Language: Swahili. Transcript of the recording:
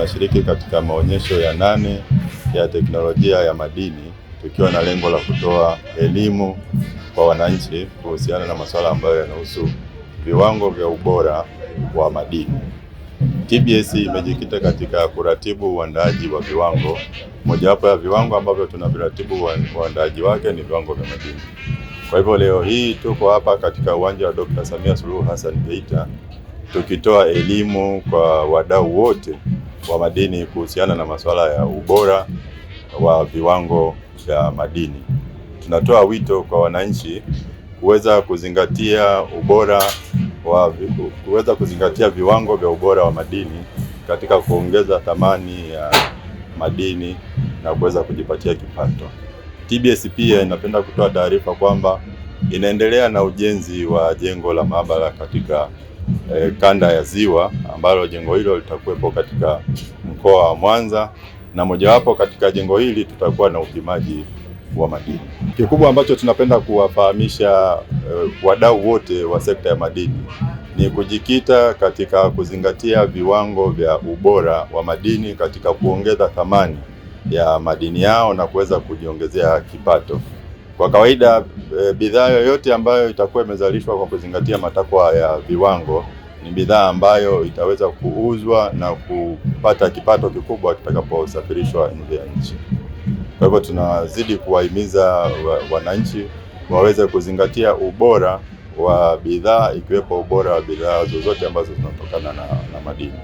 tunashiriki katika maonyesho ya nane ya teknolojia ya madini tukiwa na lengo la kutoa elimu kwa wananchi kuhusiana na masuala ambayo yanahusu viwango vya ubora wa madini. TBS imejikita katika kuratibu uandaaji wa viwango. Mojawapo ya viwango ambavyo tunaviratibu uandaaji wake ni viwango vya madini. Kwa hivyo leo hii tuko hapa katika uwanja wa Dr. Samia Suluhu Hassan Geita tukitoa elimu kwa wadau wote wa madini kuhusiana na masuala ya ubora wa viwango vya madini. Tunatoa wito kwa wananchi kuweza kuzingatia ubora wa kuweza kuzingatia viwango vya ubora wa madini katika kuongeza thamani ya madini na kuweza kujipatia kipato. TBS pia inapenda kutoa taarifa kwamba inaendelea na ujenzi wa jengo la maabara katika e, kanda ya Ziwa ambalo jengo hilo litakuwepo katika mkoa wa Mwanza, na mojawapo katika jengo hili tutakuwa na upimaji wa madini. Kikubwa ambacho tunapenda kuwafahamisha e, wadau wote wa sekta ya madini ni kujikita katika kuzingatia viwango vya ubora wa madini katika kuongeza thamani ya madini yao na kuweza kujiongezea kipato. Kwa kawaida e, bidhaa yoyote ambayo itakuwa imezalishwa kwa kuzingatia matakwa ya viwango ni bidhaa ambayo itaweza kuuzwa na kupata kipato kikubwa kitakaposafirishwa nje ya nchi. Kwa hivyo tunazidi kuwahimiza wananchi waweze kuzingatia ubora wa bidhaa ikiwepo ubora wa bidhaa zozote ambazo zinatokana na, na madini.